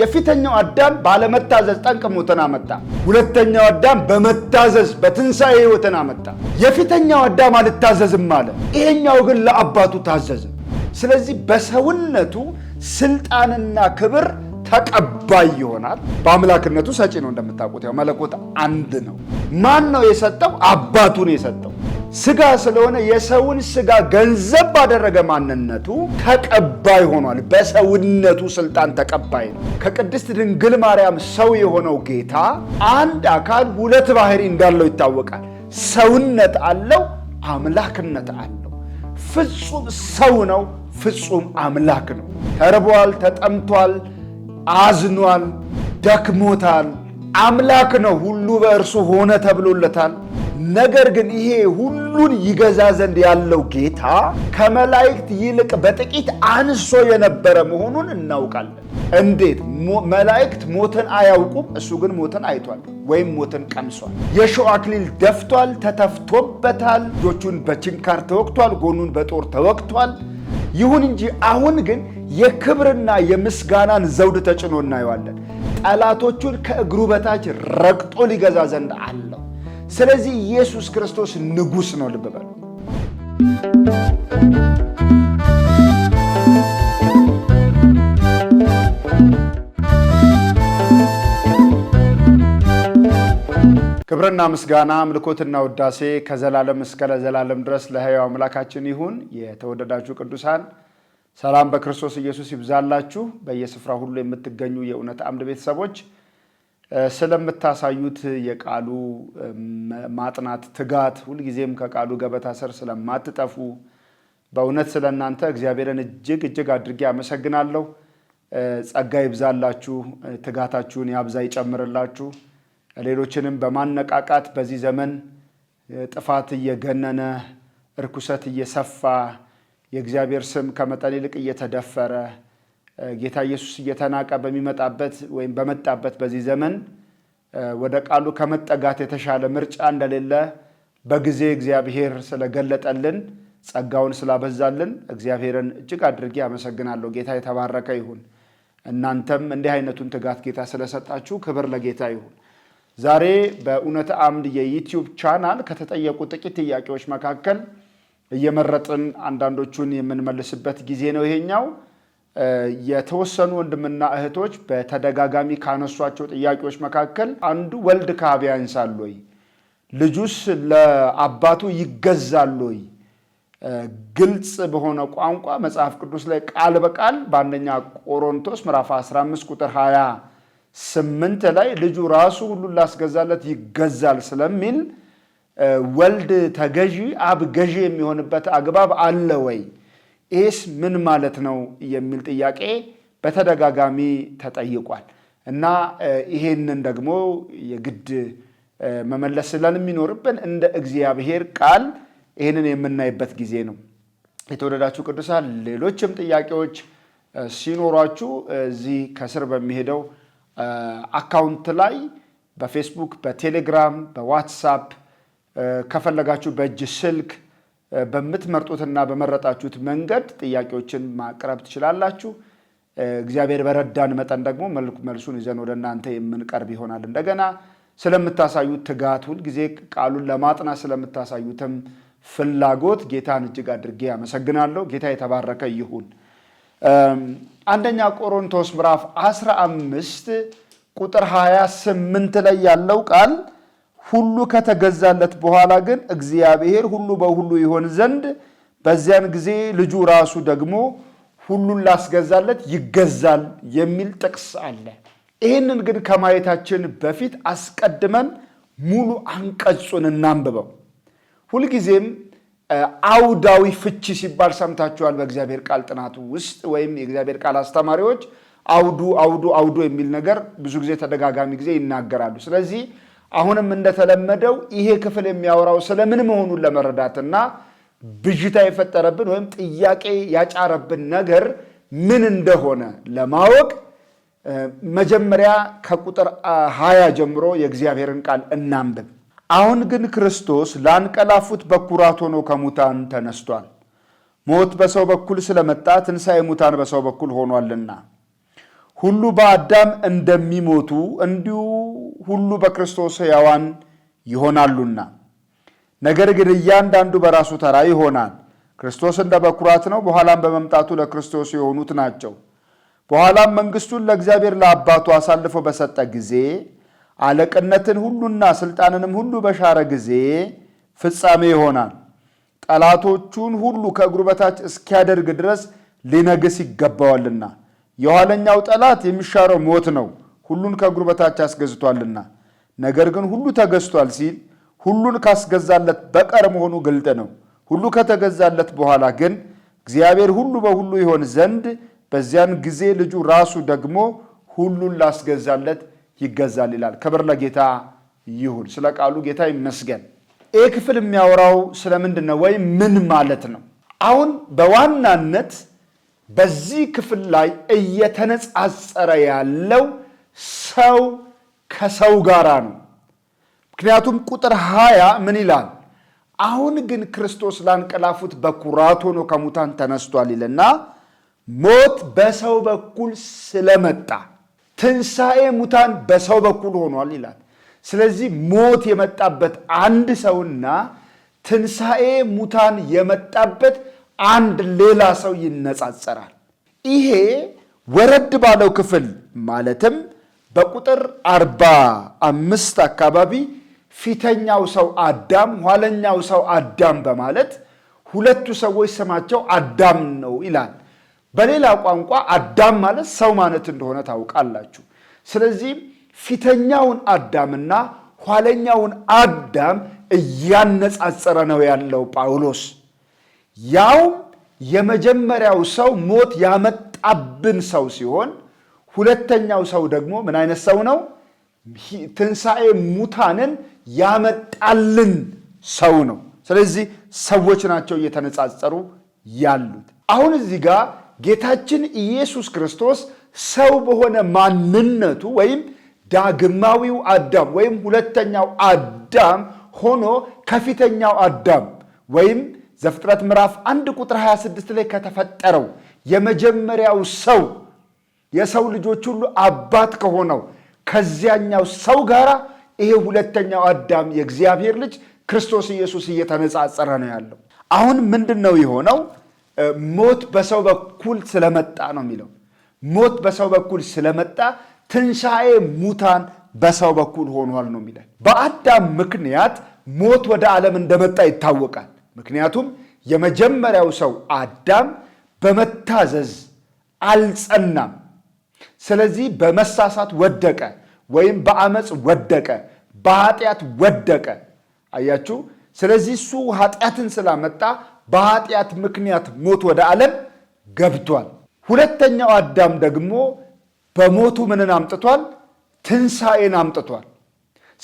የፊተኛው አዳም ባለመታዘዝ ጠንቅ ሞትን አመጣ። ሁለተኛው አዳም በመታዘዝ በትንሣኤ ሕይወትን አመጣ። የፊተኛው አዳም አልታዘዝም አለ፣ ይሄኛው ግን ለአባቱ ታዘዘ። ስለዚህ በሰውነቱ ስልጣንና ክብር ተቀባይ ይሆናል። በአምላክነቱ ሰጪ ነው። እንደምታውቁት ያው መለኮት አንድ ነው። ማን ነው የሰጠው? አባቱ ነው የሰጠው። ስጋ ስለሆነ የሰውን ስጋ ገንዘብ ባደረገ ማንነቱ ተቀባይ ሆኗል። በሰውነቱ ስልጣን ተቀባይ ነው። ከቅድስት ድንግል ማርያም ሰው የሆነው ጌታ አንድ አካል ሁለት ባህሪ እንዳለው ይታወቃል። ሰውነት አለው፣ አምላክነት አለው። ፍጹም ሰው ነው፣ ፍጹም አምላክ ነው። ተርቧል፣ ተጠምቷል፣ አዝኗል፣ ደክሞታል አምላክ ነው፣ ሁሉ በእርሱ ሆነ ተብሎለታል። ነገር ግን ይሄ ሁሉን ይገዛ ዘንድ ያለው ጌታ ከመላእክት ይልቅ በጥቂት አንሶ የነበረ መሆኑን እናውቃለን። እንዴት? መላእክት ሞትን አያውቁም፣ እሱ ግን ሞትን አይቷል ወይም ሞትን ቀምሷል። የሾህ አክሊል ደፍቷል፣ ተተፍቶበታል፣ እጆቹን በችንካር ተወቅቷል፣ ጎኑን በጦር ተወቅቷል። ይሁን እንጂ አሁን ግን የክብርና የምስጋናን ዘውድ ተጭኖ እናየዋለን። ጠላቶቹን ከእግሩ በታች ረግጦ ሊገዛ ዘንድ አለው። ስለዚህ ኢየሱስ ክርስቶስ ንጉሥ ነው። ልብ በሉ። ክብርና ምስጋና ምልኮትና ውዳሴ ከዘላለም እስከ ለዘላለም ድረስ ለሕያው አምላካችን ይሁን። የተወደዳችሁ ቅዱሳን ሰላም በክርስቶስ ኢየሱስ ይብዛላችሁ። በየስፍራ ሁሉ የምትገኙ የእውነት አምድ ቤተሰቦች ስለምታሳዩት የቃሉ ማጥናት ትጋት፣ ሁልጊዜም ከቃሉ ገበታ ስር ስለማትጠፉ በእውነት ስለ እናንተ እግዚአብሔርን እጅግ እጅግ አድርጌ አመሰግናለሁ። ጸጋ ይብዛላችሁ፣ ትጋታችሁን ያብዛ ይጨምርላችሁ። ሌሎችንም በማነቃቃት በዚህ ዘመን ጥፋት እየገነነ እርኩሰት እየሰፋ የእግዚአብሔር ስም ከመጠን ይልቅ እየተደፈረ ጌታ ኢየሱስ እየተናቀ በሚመጣበት ወይም በመጣበት በዚህ ዘመን ወደ ቃሉ ከመጠጋት የተሻለ ምርጫ እንደሌለ በጊዜ እግዚአብሔር ስለገለጠልን ጸጋውን ስላበዛልን እግዚአብሔርን እጅግ አድርጌ አመሰግናለሁ። ጌታ የተባረከ ይሁን። እናንተም እንዲህ አይነቱን ትጋት ጌታ ስለሰጣችሁ ክብር ለጌታ ይሁን። ዛሬ በእውነት አምድ የዩቲዩብ ቻናል ከተጠየቁ ጥቂት ጥያቄዎች መካከል እየመረጥን አንዳንዶቹን የምንመልስበት ጊዜ ነው ይሄኛው። የተወሰኑ ወንድምና እህቶች በተደጋጋሚ ካነሷቸው ጥያቄዎች መካከል አንዱ ወልድ ከሀብ ያንሳል ወይ? ልጁስ ለአባቱ ይገዛል ወይ? ግልጽ በሆነ ቋንቋ መጽሐፍ ቅዱስ ላይ ቃል በቃል በአንደኛ ቆሮንቶስ ምዕራፍ 15 ቁጥር 28 ላይ ልጁ ራሱ ሁሉን ላስገዛለት ይገዛል ስለሚል ወልድ ተገዢ አብ ገዢ የሚሆንበት አግባብ አለ ወይ? ይህስ ምን ማለት ነው የሚል ጥያቄ በተደጋጋሚ ተጠይቋል እና ይሄንን ደግሞ የግድ መመለስ የሚኖርብን እንደ እግዚአብሔር ቃል ይህንን የምናይበት ጊዜ ነው። የተወደዳችሁ ቅዱሳን፣ ሌሎችም ጥያቄዎች ሲኖሯችሁ እዚህ ከስር በሚሄደው አካውንት ላይ በፌስቡክ፣ በቴሌግራም፣ በዋትሳፕ ከፈለጋችሁ በእጅ ስልክ በምትመርጡትና በመረጣችሁት መንገድ ጥያቄዎችን ማቅረብ ትችላላችሁ። እግዚአብሔር በረዳን መጠን ደግሞ መልሱን ይዘን ወደ እናንተ የምንቀርብ ይሆናል። እንደገና ስለምታሳዩት ትጋት፣ ሁልጊዜ ቃሉን ለማጥናት ስለምታሳዩትም ፍላጎት ጌታን እጅግ አድርጌ አመሰግናለሁ። ጌታ የተባረከ ይሁን። አንደኛ ቆሮንቶስ ምዕራፍ 15 ቁጥር 28 ላይ ያለው ቃል ሁሉ ከተገዛለት በኋላ ግን እግዚአብሔር ሁሉ በሁሉ ይሆን ዘንድ በዚያን ጊዜ ልጁ ራሱ ደግሞ ሁሉን ላስገዛለት ይገዛል የሚል ጥቅስ አለ። ይህንን ግን ከማየታችን በፊት አስቀድመን ሙሉ አንቀጹን እናንብበው። ሁልጊዜም አውዳዊ ፍቺ ሲባል ሰምታችኋል። በእግዚአብሔር ቃል ጥናቱ ውስጥ ወይም የእግዚአብሔር ቃል አስተማሪዎች አውዱ አውዱ አውዱ የሚል ነገር ብዙ ጊዜ ተደጋጋሚ ጊዜ ይናገራሉ። ስለዚህ አሁንም እንደተለመደው ይሄ ክፍል የሚያወራው ስለምን መሆኑን ለመረዳትና ብዥታ የፈጠረብን ወይም ጥያቄ ያጫረብን ነገር ምን እንደሆነ ለማወቅ መጀመሪያ ከቁጥር ሀያ ጀምሮ የእግዚአብሔርን ቃል እናንብብ። አሁን ግን ክርስቶስ ላንቀላፉት በኩራት ሆኖ ከሙታን ተነስቷል። ሞት በሰው በኩል ስለመጣ ትንሣኤ ሙታን በሰው በኩል ሆኗልና፣ ሁሉ በአዳም እንደሚሞቱ እንዲሁ ሁሉ በክርስቶስ ሕያዋን ይሆናሉና። ነገር ግን እያንዳንዱ በራሱ ተራ ይሆናል። ክርስቶስ እንደ በኩራት ነው፣ በኋላም በመምጣቱ ለክርስቶስ የሆኑት ናቸው። በኋላም መንግሥቱን ለእግዚአብሔር ለአባቱ አሳልፎ በሰጠ ጊዜ አለቅነትን ሁሉና ሥልጣንንም ሁሉ በሻረ ጊዜ ፍጻሜ ይሆናል። ጠላቶቹን ሁሉ ከእግሩ በታች እስኪያደርግ ድረስ ሊነግስ ይገባዋልና የኋለኛው ጠላት የሚሻረው ሞት ነው። ሁሉን ከእግሩ በታች አስገዝቷልና፣ ነገር ግን ሁሉ ተገዝቷል ሲል ሁሉን ካስገዛለት በቀር መሆኑ ግልጥ ነው። ሁሉ ከተገዛለት በኋላ ግን እግዚአብሔር ሁሉ በሁሉ ይሆን ዘንድ በዚያን ጊዜ ልጁ ራሱ ደግሞ ሁሉን ላስገዛለት ይገዛል ይላል። ክብር ለጌታ ይሁን። ስለ ቃሉ ጌታ ይመስገን። ይህ ክፍል የሚያወራው ስለምንድን ነው ወይም ምን ማለት ነው? አሁን በዋናነት በዚህ ክፍል ላይ እየተነጻጸረ ያለው ሰው ከሰው ጋራ ነው። ምክንያቱም ቁጥር ሀያ ምን ይላል? አሁን ግን ክርስቶስ ላንቀላፉት በኩራት ሆኖ ከሙታን ተነስቷል ይልና ሞት በሰው በኩል ስለመጣ ትንሣኤ ሙታን በሰው በኩል ሆኗል ይላል። ስለዚህ ሞት የመጣበት አንድ ሰውና ትንሣኤ ሙታን የመጣበት አንድ ሌላ ሰው ይነጻጸራል። ይሄ ወረድ ባለው ክፍል ማለትም በቁጥር አርባ አምስት አካባቢ ፊተኛው ሰው አዳም ኋለኛው ሰው አዳም በማለት ሁለቱ ሰዎች ስማቸው አዳም ነው ይላል። በሌላ ቋንቋ አዳም ማለት ሰው ማለት እንደሆነ ታውቃላችሁ። ስለዚህም ፊተኛውን አዳምና ኋለኛውን አዳም እያነጻጸረ ነው ያለው ጳውሎስ። ያውም የመጀመሪያው ሰው ሞት ያመጣብን ሰው ሲሆን ሁለተኛው ሰው ደግሞ ምን አይነት ሰው ነው? ትንሣኤ ሙታንን ያመጣልን ሰው ነው። ስለዚህ ሰዎች ናቸው እየተነጻጸሩ ያሉት። አሁን እዚህ ጋር ጌታችን ኢየሱስ ክርስቶስ ሰው በሆነ ማንነቱ ወይም ዳግማዊው አዳም ወይም ሁለተኛው አዳም ሆኖ ከፊተኛው አዳም ወይም ዘፍጥረት ምዕራፍ አንድ ቁጥር 26 ላይ ከተፈጠረው የመጀመሪያው ሰው የሰው ልጆች ሁሉ አባት ከሆነው ከዚያኛው ሰው ጋር ይሄ ሁለተኛው አዳም የእግዚአብሔር ልጅ ክርስቶስ ኢየሱስ እየተነጻጸረ ነው ያለው። አሁን ምንድን ነው የሆነው? ሞት በሰው በኩል ስለመጣ ነው የሚለው። ሞት በሰው በኩል ስለመጣ ትንሣኤ ሙታን በሰው በኩል ሆኗል ነው የሚለው። በአዳም ምክንያት ሞት ወደ ዓለም እንደመጣ ይታወቃል። ምክንያቱም የመጀመሪያው ሰው አዳም በመታዘዝ አልጸናም። ስለዚህ በመሳሳት ወደቀ ወይም በአመፅ ወደቀ፣ በኃጢአት ወደቀ። አያችሁ። ስለዚህ እሱ ኃጢአትን ስላመጣ በኃጢአት ምክንያት ሞት ወደ ዓለም ገብቷል። ሁለተኛው አዳም ደግሞ በሞቱ ምንን አምጥቷል? ትንሣኤን አምጥቷል።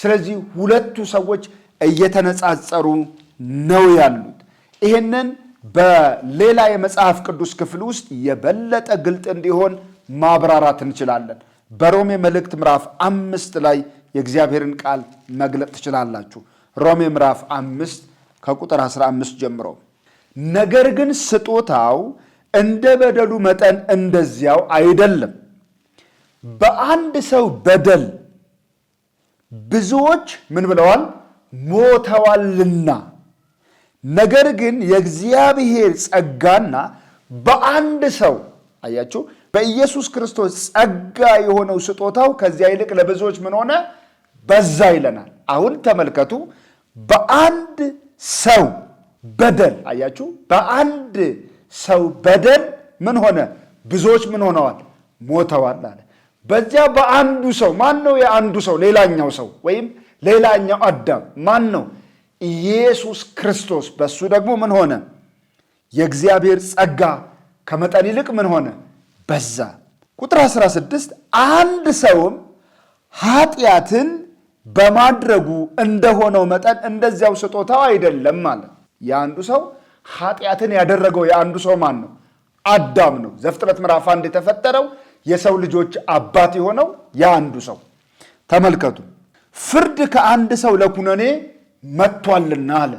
ስለዚህ ሁለቱ ሰዎች እየተነጻጸሩ ነው ያሉት። ይህንን በሌላ የመጽሐፍ ቅዱስ ክፍል ውስጥ የበለጠ ግልጥ እንዲሆን ማብራራት እንችላለን። በሮሜ መልእክት ምዕራፍ አምስት ላይ የእግዚአብሔርን ቃል መግለጥ ትችላላችሁ። ሮሜ ምዕራፍ አምስት ከቁጥር 15 ጀምሮ ነገር ግን ስጦታው እንደ በደሉ መጠን እንደዚያው አይደለም። በአንድ ሰው በደል ብዙዎች ምን ብለዋል? ሞተዋልና። ነገር ግን የእግዚአብሔር ጸጋና በአንድ ሰው አያችሁ በኢየሱስ ክርስቶስ ጸጋ የሆነው ስጦታው ከዚያ ይልቅ ለብዙዎች ምን ሆነ? በዛ ይለናል። አሁን ተመልከቱ። በአንድ ሰው በደል አያችሁ፣ በአንድ ሰው በደል ምን ሆነ? ብዙዎች ምን ሆነዋል? ሞተዋል አለ። በዚያ በአንዱ ሰው ማን ነው? የአንዱ ሰው ሌላኛው ሰው ወይም ሌላኛው አዳም ማን ነው? ኢየሱስ ክርስቶስ። በሱ ደግሞ ምን ሆነ? የእግዚአብሔር ጸጋ ከመጠን ይልቅ ምን ሆነ በዛ። ቁጥር 16 አንድ ሰውም ኃጢአትን በማድረጉ እንደሆነው መጠን እንደዚያው ስጦታው አይደለም ማለት። የአንዱ ሰው ኃጢአትን ያደረገው የአንዱ ሰው ማን ነው? አዳም ነው። ዘፍጥረት ምዕራፍ አንድ የተፈጠረው የሰው ልጆች አባት የሆነው የአንዱ ሰው ተመልከቱ። ፍርድ ከአንድ ሰው ለኩነኔ መጥቷልና አለ።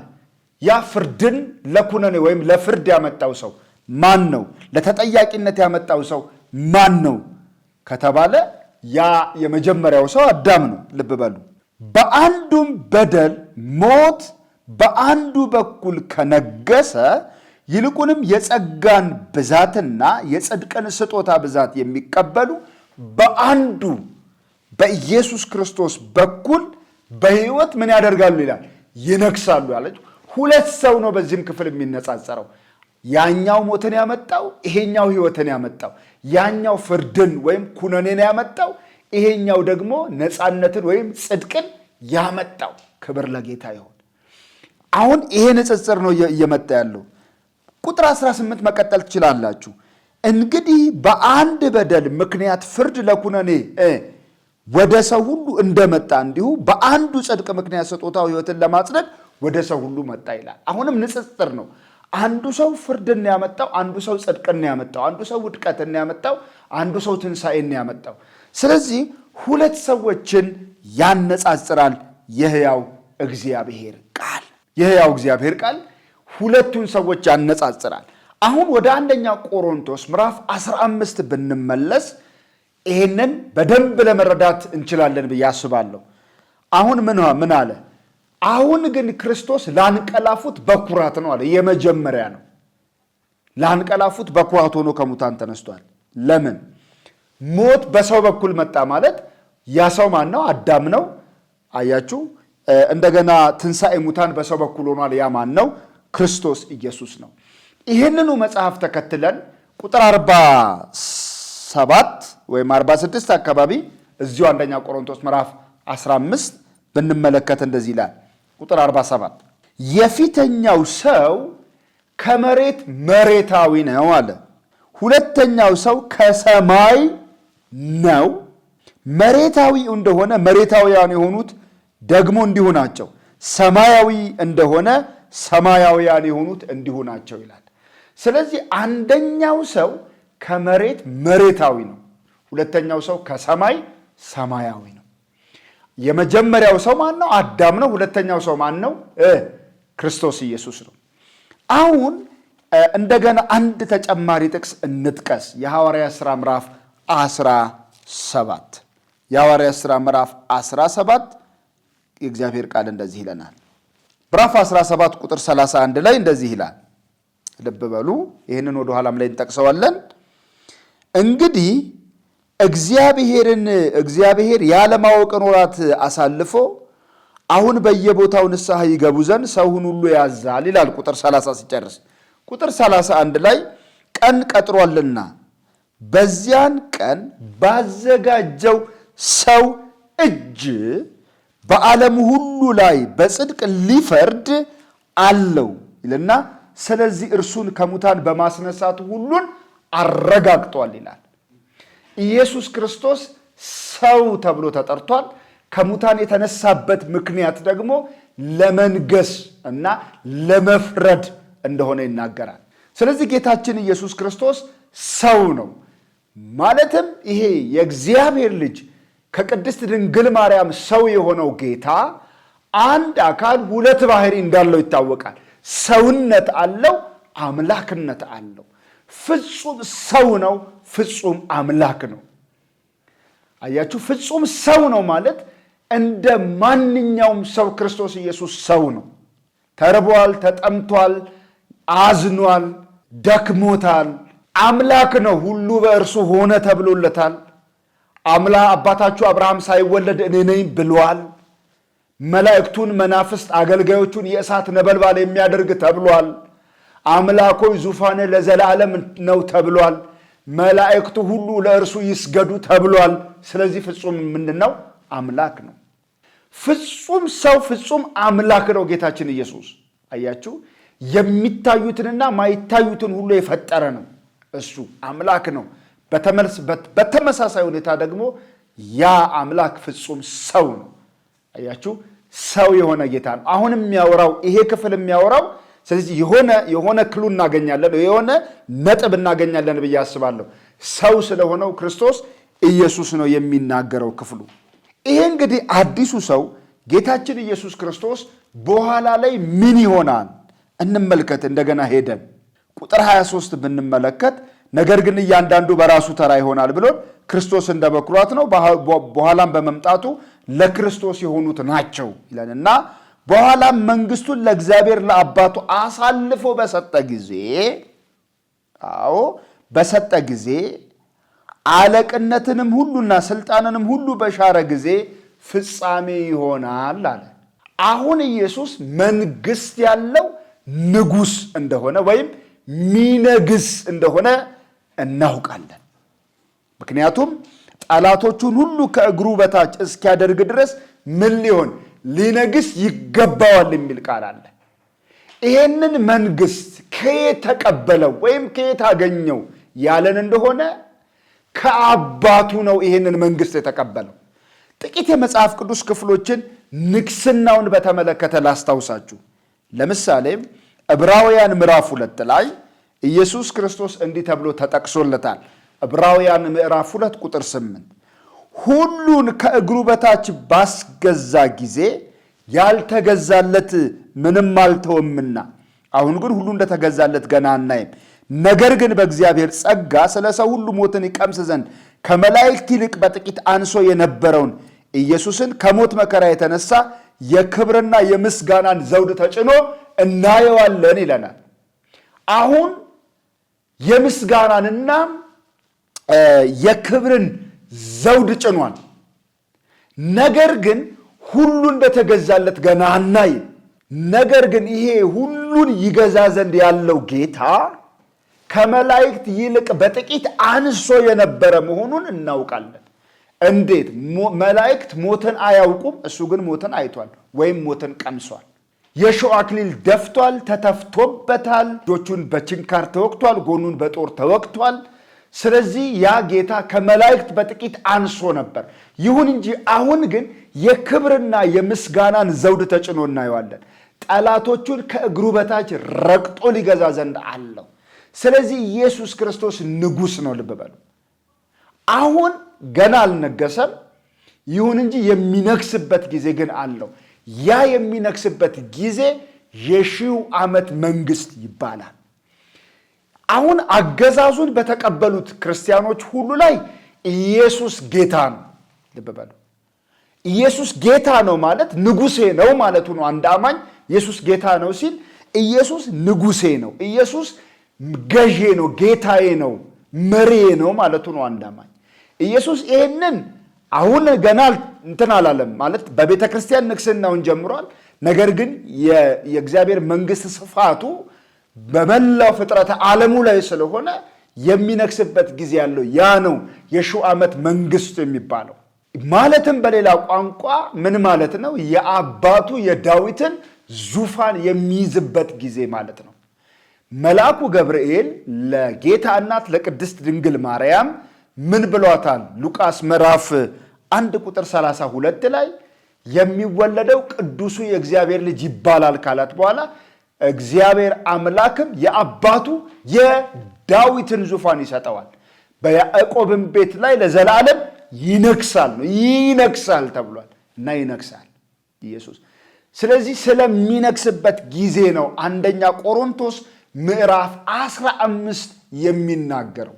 ያ ፍርድን ለኩነኔ ወይም ለፍርድ ያመጣው ሰው ማን ነው? ለተጠያቂነት ያመጣው ሰው ማን ነው ከተባለ ያ የመጀመሪያው ሰው አዳም ነው። ልብ በሉ። በአንዱም በደል ሞት በአንዱ በኩል ከነገሰ ይልቁንም የጸጋን ብዛትና የጽድቅን ስጦታ ብዛት የሚቀበሉ በአንዱ በኢየሱስ ክርስቶስ በኩል በሕይወት ምን ያደርጋሉ ይላል፣ ይነግሳሉ ያለች ሁለት ሰው ነው። በዚህም ክፍል የሚነጻጸረው ያኛው ሞትን ያመጣው ይሄኛው ህይወትን ያመጣው፣ ያኛው ፍርድን ወይም ኩነኔን ያመጣው፣ ይሄኛው ደግሞ ነፃነትን ወይም ጽድቅን ያመጣው። ክብር ለጌታ ይሆን አሁን ይሄ ንጽጽር ነው እየመጣ ያለው። ቁጥር 18 መቀጠል ትችላላችሁ። እንግዲህ በአንድ በደል ምክንያት ፍርድ ለኩነኔ ወደ ሰው ሁሉ እንደመጣ እንዲሁ በአንዱ ጽድቅ ምክንያት ስጦታው ህይወትን ለማጽደቅ ወደ ሰው ሁሉ መጣ ይላል። አሁንም ንጽጽር ነው። አንዱ ሰው ፍርድን ያመጣው፣ አንዱ ሰው ጽድቅን ያመጣው፣ አንዱ ሰው ውድቀትን ያመጣው፣ አንዱ ሰው ትንሣኤን ያመጣው። ስለዚህ ሁለት ሰዎችን ያነጻጽራል የሕያው እግዚአብሔር ቃል። የሕያው እግዚአብሔር ቃል ሁለቱን ሰዎች ያነጻጽራል። አሁን ወደ አንደኛ ቆሮንቶስ ምዕራፍ 15 ብንመለስ ይሄንን በደንብ ለመረዳት እንችላለን ብዬ አስባለሁ። አሁን ምን አለ? አሁን ግን ክርስቶስ ላንቀላፉት በኩራት ነው አለ። የመጀመሪያ ነው። ላንቀላፉት በኩራት ሆኖ ከሙታን ተነስቷል። ለምን? ሞት በሰው በኩል መጣ ማለት ያ ሰው ማን ነው? አዳም ነው። አያችሁ። እንደገና ትንሣኤ ሙታን በሰው በኩል ሆኗል። ያ ማን ነው? ክርስቶስ ኢየሱስ ነው። ይህንኑ መጽሐፍ ተከትለን ቁጥር 47 ወይም 46 አካባቢ እዚሁ አንደኛ ቆሮንቶስ ምዕራፍ 15 ብንመለከት እንደዚህ ይላል። ቁጥር 47 የፊተኛው ሰው ከመሬት መሬታዊ ነው አለ። ሁለተኛው ሰው ከሰማይ ነው። መሬታዊ እንደሆነ መሬታውያን የሆኑት ደግሞ እንዲሁ ናቸው። ሰማያዊ እንደሆነ ሰማያውያን የሆኑት እንዲሁ ናቸው ይላል። ስለዚህ አንደኛው ሰው ከመሬት መሬታዊ ነው፣ ሁለተኛው ሰው ከሰማይ ሰማያዊ ነው። የመጀመሪያው ሰው ማን ነው? አዳም ነው። ሁለተኛው ሰው ማን ነው? ክርስቶስ ኢየሱስ ነው። አሁን እንደገና አንድ ተጨማሪ ጥቅስ እንጥቀስ። የሐዋርያ ሥራ ምዕራፍ 17 የሐዋርያ ሥራ ምዕራፍ 17 የእግዚአብሔር ቃል እንደዚህ ይለናል። ምዕራፍ 17 ቁጥር 31 ላይ እንደዚህ ይላል። ልብ በሉ። ይህንን ወደ ኋላም ላይ እንጠቅሰዋለን። እንግዲህ እግዚአብሔርን እግዚአብሔር ያለማወቅን ወራት አሳልፎ አሁን በየቦታው ንስሐ ይገቡ ዘንድ ሰውን ሁሉ ያዛል ይላል። ቁጥር 30 ሲጨርስ ቁጥር 31 ላይ ቀን ቀጥሯልና በዚያን ቀን ባዘጋጀው ሰው እጅ በዓለም ሁሉ ላይ በጽድቅ ሊፈርድ አለው ይልና ስለዚህ እርሱን ከሙታን በማስነሳት ሁሉን አረጋግጧል ይላል። ኢየሱስ ክርስቶስ ሰው ተብሎ ተጠርቷል። ከሙታን የተነሳበት ምክንያት ደግሞ ለመንገስ እና ለመፍረድ እንደሆነ ይናገራል። ስለዚህ ጌታችን ኢየሱስ ክርስቶስ ሰው ነው። ማለትም ይሄ የእግዚአብሔር ልጅ ከቅድስት ድንግል ማርያም ሰው የሆነው ጌታ አንድ አካል ሁለት ባህሪ እንዳለው ይታወቃል። ሰውነት አለው፣ አምላክነት አለው። ፍጹም ሰው ነው፣ ፍጹም አምላክ ነው። አያችሁ፣ ፍጹም ሰው ነው ማለት እንደ ማንኛውም ሰው ክርስቶስ ኢየሱስ ሰው ነው። ተርቧል፣ ተጠምቷል፣ አዝኗል፣ ደክሞታል። አምላክ ነው። ሁሉ በእርሱ ሆነ ተብሎለታል። አምላ አባታችሁ አብርሃም ሳይወለድ እኔ ነኝ ብሏል። መላእክቱን፣ መናፍስት፣ አገልጋዮቹን የእሳት ነበልባል የሚያደርግ ተብሏል። አምላኮይ ዙፋን ለዘላለም ነው ተብሏል። መላእክቱ ሁሉ ለእርሱ ይስገዱ ተብሏል። ስለዚህ ፍጹም ምንድን ነው? አምላክ ነው። ፍጹም ሰው ፍጹም አምላክ ነው ጌታችን ኢየሱስ። አያችሁ፣ የሚታዩትንና ማይታዩትን ሁሉ የፈጠረ ነው። እሱ አምላክ ነው። በተመሳሳይ ሁኔታ ደግሞ ያ አምላክ ፍጹም ሰው ነው። አያችሁ፣ ሰው የሆነ ጌታ ነው። አሁን የሚያወራው ይሄ ክፍል የሚያወራው ስለዚህ የሆነ የሆነ ክሉ እናገኛለን፣ የሆነ ነጥብ እናገኛለን ብዬ አስባለሁ። ሰው ስለሆነው ክርስቶስ ኢየሱስ ነው የሚናገረው ክፍሉ። ይሄ እንግዲህ አዲሱ ሰው ጌታችን ኢየሱስ ክርስቶስ በኋላ ላይ ምን ይሆናል እንመልከት። እንደገና ሄደን ቁጥር 23 ብንመለከት ነገር ግን እያንዳንዱ በራሱ ተራ ይሆናል ብሎን ክርስቶስ እንደ በኩራት ነው፣ በኋላም በመምጣቱ ለክርስቶስ የሆኑት ናቸው እና በኋላም መንግስቱን ለእግዚአብሔር ለአባቱ አሳልፎ በሰጠ ጊዜ አዎ በሰጠ ጊዜ አለቅነትንም ሁሉና ስልጣንንም ሁሉ በሻረ ጊዜ ፍጻሜ ይሆናል አለ። አሁን ኢየሱስ መንግስት ያለው ንጉስ እንደሆነ ወይም ሚነግስ እንደሆነ እናውቃለን። ምክንያቱም ጠላቶቹን ሁሉ ከእግሩ በታች እስኪያደርግ ድረስ ምን ሊሆን ሊነግስ ይገባዋል የሚል ቃል አለ። ይሄንን መንግስት ከየት ተቀበለው ወይም ከየት አገኘው ያለን እንደሆነ ከአባቱ ነው ይሄንን መንግስት የተቀበለው። ጥቂት የመጽሐፍ ቅዱስ ክፍሎችን ንግስናውን በተመለከተ ላስታውሳችሁ። ለምሳሌም ዕብራውያን ምዕራፍ ሁለት ላይ ኢየሱስ ክርስቶስ እንዲህ ተብሎ ተጠቅሶለታል። ዕብራውያን ምዕራፍ ሁለት ቁጥር ስምንት ሁሉን ከእግሩ በታች ባስገዛ ጊዜ ያልተገዛለት ምንም አልተወምና፣ አሁን ግን ሁሉ እንደተገዛለት ገና አናይም። ነገር ግን በእግዚአብሔር ጸጋ ስለ ሰው ሁሉ ሞትን ይቀምስ ዘንድ ከመላእክት ይልቅ በጥቂት አንሶ የነበረውን ኢየሱስን ከሞት መከራ የተነሳ የክብርና የምስጋናን ዘውድ ተጭኖ እናየዋለን ይለናል። አሁን የምስጋናንና የክብርን ዘውድ ጭኗል። ነገር ግን ሁሉን በተገዛለት ገና አናይ ነገር ግን ይሄ ሁሉን ይገዛ ዘንድ ያለው ጌታ ከመላእክት ይልቅ በጥቂት አንሶ የነበረ መሆኑን እናውቃለን። እንዴት? መላእክት ሞትን አያውቁም፣ እሱ ግን ሞትን አይቷል ወይም ሞትን ቀምሷል። የሸዋ አክሊል ደፍቷል፣ ተተፍቶበታል። እጆቹን በችንካር ተወቅቷል፣ ጎኑን በጦር ተወቅቷል። ስለዚህ ያ ጌታ ከመላእክት በጥቂት አንሶ ነበር። ይሁን እንጂ አሁን ግን የክብርና የምስጋናን ዘውድ ተጭኖ እናየዋለን። ጠላቶቹን ከእግሩ በታች ረግጦ ሊገዛ ዘንድ አለው። ስለዚህ ኢየሱስ ክርስቶስ ንጉሥ ነው። ልብ በሉ። አሁን ገና አልነገሰም። ይሁን እንጂ የሚነግስበት ጊዜ ግን አለው። ያ የሚነግስበት ጊዜ የሺው ዓመት መንግሥት ይባላል። አሁን አገዛዙን በተቀበሉት ክርስቲያኖች ሁሉ ላይ ኢየሱስ ጌታ ነው። ልብ በሉ። ኢየሱስ ጌታ ነው ማለት ንጉሴ ነው ማለቱ ነው። አንድ አማኝ ኢየሱስ ጌታ ነው ሲል ኢየሱስ ንጉሴ ነው፣ ኢየሱስ ገዤ ነው፣ ጌታዬ ነው፣ መሪዬ ነው ማለቱ ነው። አንድ አማኝ ኢየሱስ ይህንን አሁን ገና እንትን አላለም ማለት በቤተ ክርስቲያን ንግስናውን ጀምሯል። ነገር ግን የእግዚአብሔር መንግስት ስፋቱ በመላው ፍጥረት ዓለሙ ላይ ስለሆነ የሚነግስበት ጊዜ ያለው ያ ነው የሺው ዓመት መንግስቱ የሚባለው። ማለትም በሌላ ቋንቋ ምን ማለት ነው? የአባቱ የዳዊትን ዙፋን የሚይዝበት ጊዜ ማለት ነው። መልአኩ ገብርኤል ለጌታ እናት ለቅድስት ድንግል ማርያም ምን ብሏታል? ሉቃስ ምዕራፍ አንድ ቁጥር 32 ላይ የሚወለደው ቅዱሱ የእግዚአብሔር ልጅ ይባላል ካላት በኋላ እግዚአብሔር አምላክም የአባቱ የዳዊትን ዙፋን ይሰጠዋል፣ በያዕቆብም ቤት ላይ ለዘላለም ይነግሳል ነው ይነግሳል ተብሏል እና ይነግሳል ኢየሱስ። ስለዚህ ስለሚነግስበት ጊዜ ነው አንደኛ ቆሮንቶስ ምዕራፍ አስራ አምስት የሚናገረው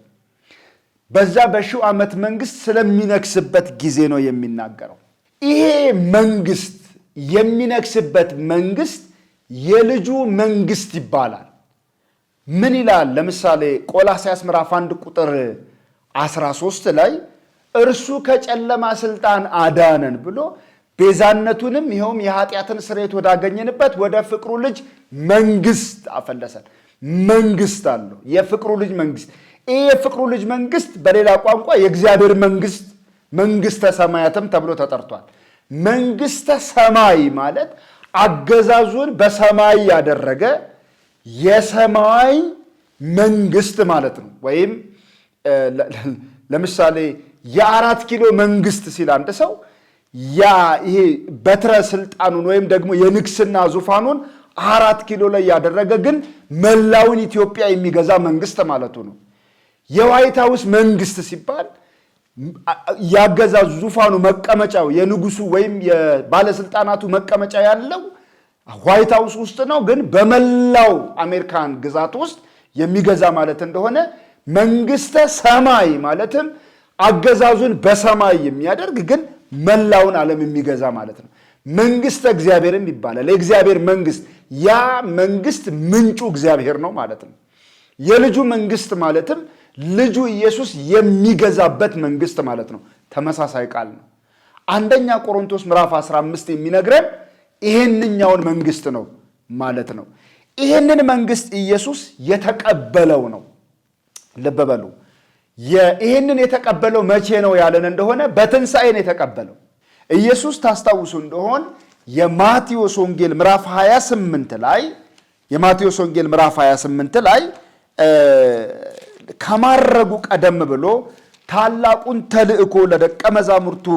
በዛ በሺው ዓመት መንግስት ስለሚነግስበት ጊዜ ነው የሚናገረው። ይሄ መንግስት የሚነግስበት መንግስት የልጁ መንግስት ይባላል። ምን ይላል? ለምሳሌ ቆላሳያስ ምዕራፍ 1 ቁጥር 13 ላይ እርሱ ከጨለማ ስልጣን አዳነን ብሎ ቤዛነቱንም ይኸውም የኃጢአትን ስርየት ወዳገኘንበት ወደ ፍቅሩ ልጅ መንግስት አፈለሰን። መንግስት አለው የፍቅሩ ልጅ መንግስት። ይህ የፍቅሩ ልጅ መንግስት በሌላ ቋንቋ የእግዚአብሔር መንግስት መንግስተ ሰማያትም ተብሎ ተጠርቷል። መንግስተ ሰማይ ማለት አገዛዙን በሰማይ ያደረገ የሰማይ መንግስት ማለት ነው። ወይም ለምሳሌ የአራት ኪሎ መንግስት ሲል አንድ ሰው ያ ይሄ በትረ ስልጣኑን ወይም ደግሞ የንግስና ዙፋኑን አራት ኪሎ ላይ ያደረገ ግን መላውን ኢትዮጵያ የሚገዛ መንግስት ማለቱ ነው። የዋይት ሀውስ መንግስት ሲባል ያገዛዙ ዙፋኑ መቀመጫው የንጉሱ ወይም የባለስልጣናቱ መቀመጫ ያለው ዋይት ሀውስ ውስጥ ነው፣ ግን በመላው አሜሪካን ግዛት ውስጥ የሚገዛ ማለት እንደሆነ መንግስተ ሰማይ ማለትም አገዛዙን በሰማይ የሚያደርግ ግን መላውን ዓለም የሚገዛ ማለት ነው። መንግስተ እግዚአብሔርም ይባላል። የእግዚአብሔር መንግስት፣ ያ መንግስት ምንጩ እግዚአብሔር ነው ማለት ነው። የልጁ መንግስት ማለትም ልጁ ኢየሱስ የሚገዛበት መንግስት ማለት ነው። ተመሳሳይ ቃል ነው። አንደኛ ቆሮንቶስ ምዕራፍ 15 የሚነግረን ይሄንኛውን መንግስት ነው ማለት ነው። ይህንን መንግስት ኢየሱስ የተቀበለው ነው። ልብ በሉ። ይህንን የተቀበለው መቼ ነው ያለን እንደሆነ በትንሣኤን የተቀበለው ኢየሱስ ታስታውሱ እንደሆን የማቴዎስ ወንጌል ምዕራፍ 28 ላይ የማቴዎስ ወንጌል ምዕራፍ 28 ላይ ከማረጉ ቀደም ብሎ ታላቁን ተልእኮ ለደቀ መዛሙርቱ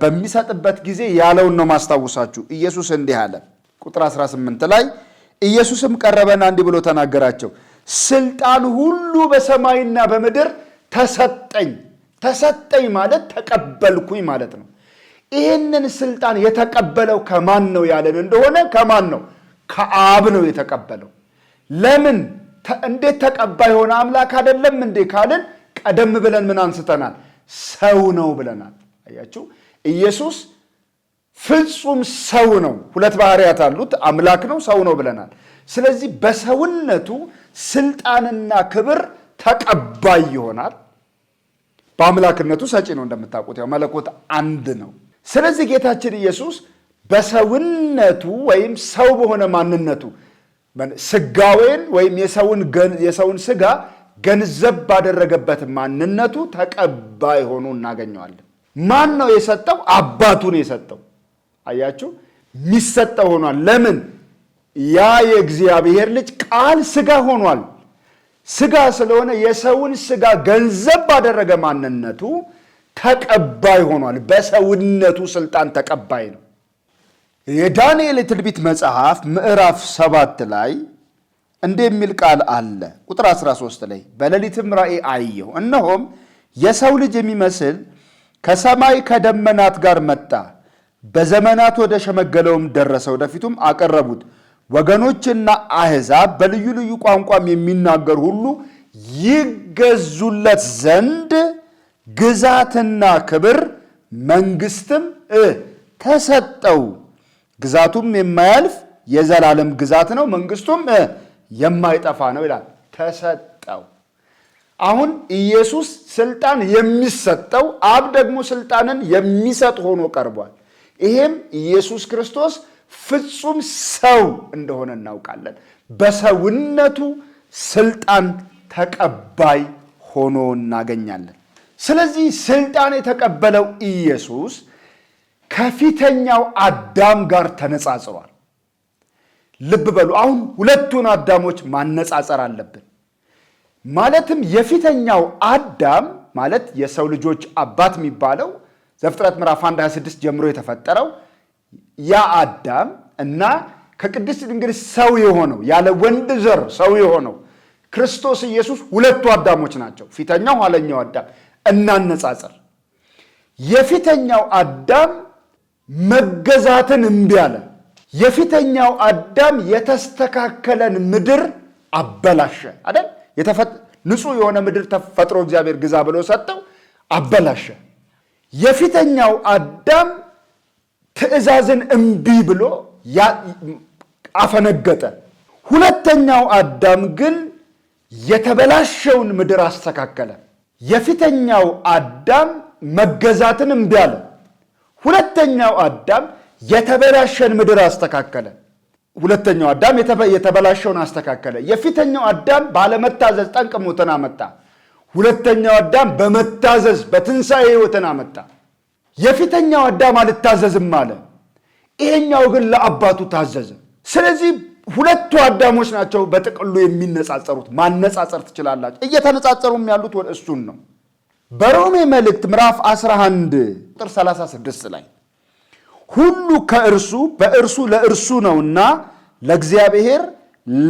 በሚሰጥበት ጊዜ ያለውን ነው ማስታውሳችሁ። ኢየሱስ እንዲህ አለ፣ ቁጥር 18 ላይ ኢየሱስም ቀረበና እንዲህ ብሎ ተናገራቸው፣ ስልጣን ሁሉ በሰማይና በምድር ተሰጠኝ። ተሰጠኝ ማለት ተቀበልኩኝ ማለት ነው። ይህንን ስልጣን የተቀበለው ከማን ነው ያለን እንደሆነ ከማን ነው? ከአብ ነው የተቀበለው። ለምን እንዴት ተቀባይ የሆነ አምላክ አይደለም እንዴ ካልን ቀደም ብለን ምን አንስተናል? ሰው ነው ብለናል። አያችሁ ኢየሱስ ፍጹም ሰው ነው። ሁለት ባህሪያት አሉት፣ አምላክ ነው፣ ሰው ነው ብለናል። ስለዚህ በሰውነቱ ስልጣንና ክብር ተቀባይ ይሆናል። በአምላክነቱ ሰጪ ነው። እንደምታውቁት ያው መለኮት አንድ ነው። ስለዚህ ጌታችን ኢየሱስ በሰውነቱ ወይም ሰው በሆነ ማንነቱ ስጋዌን ወይም የሰውን ስጋ ገንዘብ ባደረገበት ማንነቱ ተቀባይ ሆኖ እናገኘዋለን። ማን ነው የሰጠው? አባቱን የሰጠው። አያችሁ፣ የሚሰጠው ሆኗል። ለምን? ያ የእግዚአብሔር ልጅ ቃል ስጋ ሆኗል። ስጋ ስለሆነ የሰውን ስጋ ገንዘብ ባደረገ ማንነቱ ተቀባይ ሆኗል። በሰውነቱ ስልጣን ተቀባይ ነው። የዳንኤል የትንቢት መጽሐፍ ምዕራፍ ሰባት ላይ እንዲህ የሚል ቃል አለ። ቁጥር 13 ላይ በሌሊትም ራእይ አየሁ፣ እነሆም የሰው ልጅ የሚመስል ከሰማይ ከደመናት ጋር መጣ፣ በዘመናት ወደ ሸመገለውም ደረሰ፣ ወደፊቱም አቀረቡት። ወገኖችና አሕዛብ በልዩ ልዩ ቋንቋም የሚናገሩ ሁሉ ይገዙለት ዘንድ ግዛትና ክብር መንግስትም ተሰጠው ግዛቱም የማያልፍ የዘላለም ግዛት ነው፣ መንግስቱም የማይጠፋ ነው ይላል። ተሰጠው። አሁን ኢየሱስ ስልጣን የሚሰጠው አብ ደግሞ ስልጣንን የሚሰጥ ሆኖ ቀርቧል። ይሄም ኢየሱስ ክርስቶስ ፍጹም ሰው እንደሆነ እናውቃለን። በሰውነቱ ስልጣን ተቀባይ ሆኖ እናገኛለን። ስለዚህ ስልጣን የተቀበለው ኢየሱስ ከፊተኛው አዳም ጋር ተነጻጽሯል። ልብ በሉ። አሁን ሁለቱን አዳሞች ማነጻጸር አለብን። ማለትም የፊተኛው አዳም ማለት የሰው ልጆች አባት የሚባለው ዘፍጥረት ምዕራፍ 1 26 ጀምሮ የተፈጠረው ያ አዳም እና ከቅድስት ድንግል ሰው የሆነው ያለ ወንድ ዘር ሰው የሆነው ክርስቶስ ኢየሱስ ሁለቱ አዳሞች ናቸው። ፊተኛው ኋለኛው አዳም እናነጻጽር። የፊተኛው አዳም መገዛትን እምቢ አለ። የፊተኛው አዳም የተስተካከለን ምድር አበላሸ አይደል? ንጹህ የሆነ ምድር ተፈጥሮ እግዚአብሔር ግዛ ብሎ ሰጠው፣ አበላሸ። የፊተኛው አዳም ትእዛዝን እምቢ ብሎ አፈነገጠ። ሁለተኛው አዳም ግን የተበላሸውን ምድር አስተካከለ። የፊተኛው አዳም መገዛትን እምቢ አለ። ሁለተኛው አዳም የተበላሸን ምድር አስተካከለ። ሁለተኛው አዳም የተበላሸውን አስተካከለ። የፊተኛው አዳም ባለመታዘዝ ጠንቅ ሞትን አመጣ። ሁለተኛው አዳም በመታዘዝ በትንሣኤ ሕይወትን አመጣ። የፊተኛው አዳም አልታዘዝም አለ። ይሄኛው ግን ለአባቱ ታዘዘ። ስለዚህ ሁለቱ አዳሞች ናቸው በጥቅሉ የሚነጻጸሩት። ማነጻጸር ትችላላችሁ። እየተነጻጸሩም ያሉት ወደ እሱን ነው። በሮሜ መልእክት ምዕራፍ 11 ቁጥር 36 ላይ ሁሉ ከእርሱ በእርሱ ለእርሱ ነውና ለእግዚአብሔር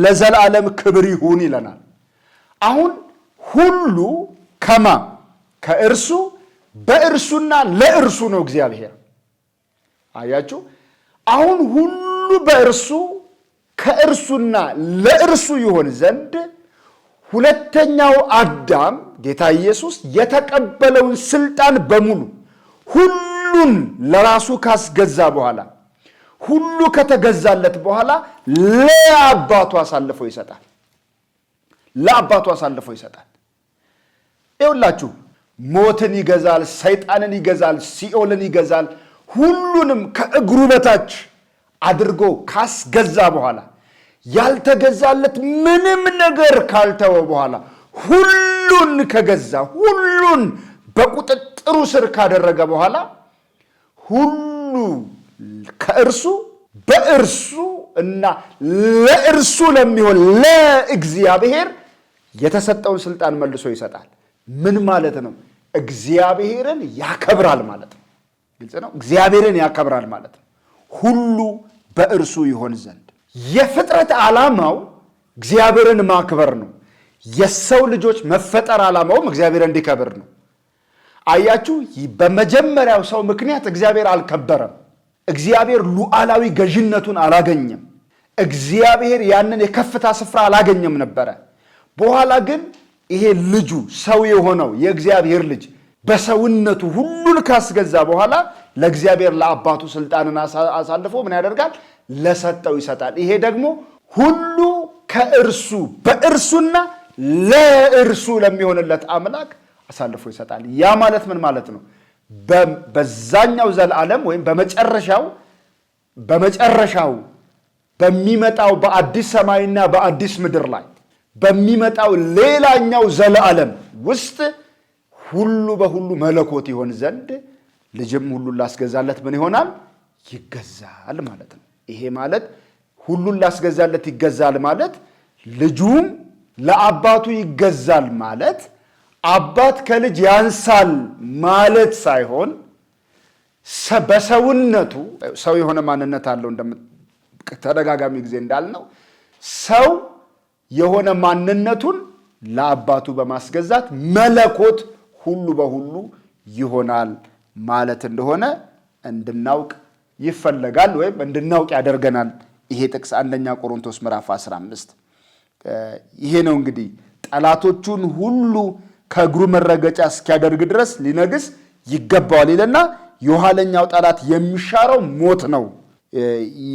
ለዘላለም ክብር ይሁን ይለናል። አሁን ሁሉ ከማ ከእርሱ በእርሱና ለእርሱ ነው እግዚአብሔር። አያችሁ፣ አሁን ሁሉ በእርሱ ከእርሱና ለእርሱ ይሆን ዘንድ ሁለተኛው አዳም ጌታ ኢየሱስ የተቀበለውን ስልጣን በሙሉ ሁሉን ለራሱ ካስገዛ በኋላ ሁሉ ከተገዛለት በኋላ ለአባቱ አሳልፎ ይሰጣል። ለአባቱ አሳልፎ ይሰጣል። ይውላችሁ ሞትን ይገዛል፣ ሰይጣንን ይገዛል፣ ሲኦልን ይገዛል። ሁሉንም ከእግሩ በታች አድርጎ ካስገዛ በኋላ ያልተገዛለት ምንም ነገር ካልተወ በኋላ ሁሉን ከገዛ ሁሉን በቁጥጥ ጥሩ ስር ካደረገ በኋላ ሁሉ ከእርሱ በእርሱ እና ለእርሱ ለሚሆን ለእግዚአብሔር የተሰጠውን ስልጣን መልሶ ይሰጣል። ምን ማለት ነው? እግዚአብሔርን ያከብራል ማለት ነው። ግልጽ ነው። እግዚአብሔርን ያከብራል ማለት ነው። ሁሉ በእርሱ ይሆን ዘንድ የፍጥረት ዓላማው እግዚአብሔርን ማክበር ነው። የሰው ልጆች መፈጠር ዓላማውም እግዚአብሔር እንዲከብር ነው። አያችሁ፣ በመጀመሪያው ሰው ምክንያት እግዚአብሔር አልከበረም። እግዚአብሔር ሉዓላዊ ገዥነቱን አላገኘም። እግዚአብሔር ያንን የከፍታ ስፍራ አላገኘም ነበረ። በኋላ ግን ይሄ ልጁ ሰው የሆነው የእግዚአብሔር ልጅ በሰውነቱ ሁሉን ካስገዛ በኋላ ለእግዚአብሔር ለአባቱ ስልጣንን አሳልፎ ምን ያደርጋል? ለሰጠው ይሰጣል። ይሄ ደግሞ ሁሉ ከእርሱ በእርሱና ለእርሱ ለሚሆንለት አምላክ አሳልፎ ይሰጣል። ያ ማለት ምን ማለት ነው? በዛኛው ዘላለም ወይም በመጨረሻው በመጨረሻው በሚመጣው በአዲስ ሰማይና በአዲስ ምድር ላይ በሚመጣው ሌላኛው ዘላለም ውስጥ ሁሉ በሁሉ መለኮት ይሆን ዘንድ ልጅም ሁሉን ላስገዛለት ምን ይሆናል? ይገዛል ማለት ነው። ይሄ ማለት ሁሉን ላስገዛለት ይገዛል ማለት ልጁም ለአባቱ ይገዛል ማለት አባት ከልጅ ያንሳል ማለት ሳይሆን በሰውነቱ ሰው የሆነ ማንነት አለው። ተደጋጋሚ ጊዜ እንዳልነው ሰው የሆነ ማንነቱን ለአባቱ በማስገዛት መለኮት ሁሉ በሁሉ ይሆናል ማለት እንደሆነ እንድናውቅ ይፈለጋል ወይም እንድናውቅ ያደርገናል ይሄ ጥቅስ አንደኛ ቆሮንቶስ ምዕራፍ 15 ይሄ ነው እንግዲህ ጠላቶቹን ሁሉ ከእግሩ መረገጫ እስኪያደርግ ድረስ ሊነግስ ይገባዋል ይለና የኋለኛው ጠላት የሚሻረው ሞት ነው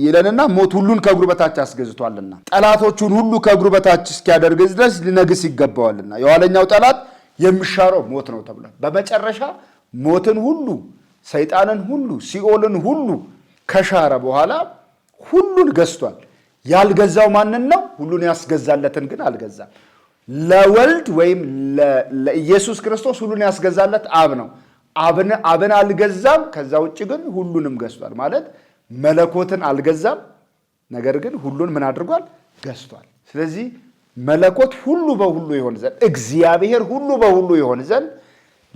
ይለንና ሞት ሁሉን ከእግሩ በታች አስገዝቷልና ጠላቶቹን ሁሉ ከእግሩ በታች እስኪያደርግ ድረስ ሊነግስ ይገባዋልና የኋለኛው ጠላት የሚሻረው ሞት ነው ተብሏል። በመጨረሻ ሞትን ሁሉ ሰይጣንን ሁሉ ሲኦልን ሁሉ ከሻረ በኋላ ሁሉን ገዝቷል። ያልገዛው ማንን ነው? ሁሉን ያስገዛለትን ግን አልገዛም። ለወልድ ወይም ለኢየሱስ ክርስቶስ ሁሉን ያስገዛለት አብ ነው። አብን አልገዛም። ከዛ ውጭ ግን ሁሉንም ገዝቷል ማለት መለኮትን አልገዛም፣ ነገር ግን ሁሉን ምን አድርጓል? ገዝቷል። ስለዚህ መለኮት ሁሉ በሁሉ ይሆን ዘንድ እግዚአብሔር ሁሉ በሁሉ ይሆን ዘንድ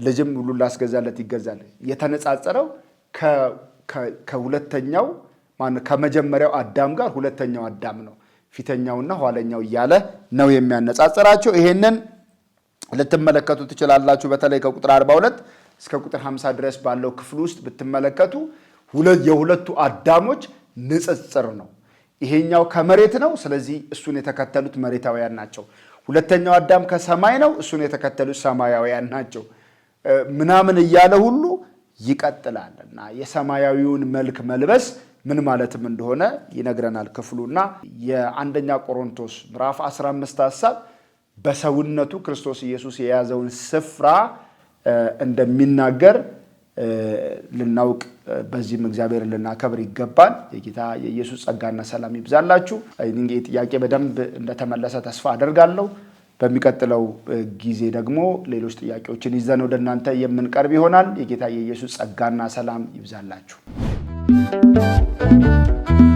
ልጅም ሁሉን ላስገዛለት ይገዛል። የተነጻጸረው ከሁለተኛው ከመጀመሪያው አዳም ጋር ሁለተኛው አዳም ነው። ፊተኛውና ኋለኛው እያለ ነው የሚያነጻጽራቸው። ይሄንን ልትመለከቱ ትችላላችሁ። በተለይ ከቁጥር 42 እስከ ቁጥር 50 ድረስ ባለው ክፍል ውስጥ ብትመለከቱ የሁለቱ አዳሞች ንጽጽር ነው። ይሄኛው ከመሬት ነው፣ ስለዚህ እሱን የተከተሉት መሬታውያን ናቸው። ሁለተኛው አዳም ከሰማይ ነው፣ እሱን የተከተሉት ሰማያውያን ናቸው። ምናምን እያለ ሁሉ ይቀጥላል እና የሰማያዊውን መልክ መልበስ ምን ማለትም እንደሆነ ይነግረናል ክፍሉና የአንደኛ ቆሮንቶስ ምዕራፍ 15 ሀሳብ በሰውነቱ ክርስቶስ ኢየሱስ የያዘውን ስፍራ እንደሚናገር ልናውቅ በዚህም እግዚአብሔር ልናከብር ይገባል። የጌታ የኢየሱስ ጸጋና ሰላም ይብዛላችሁ። ይህ ጥያቄ በደንብ እንደተመለሰ ተስፋ አደርጋለሁ። በሚቀጥለው ጊዜ ደግሞ ሌሎች ጥያቄዎችን ይዘን ወደ እናንተ የምንቀርብ ይሆናል። የጌታ የኢየሱስ ጸጋና ሰላም ይብዛላችሁ። Thank you.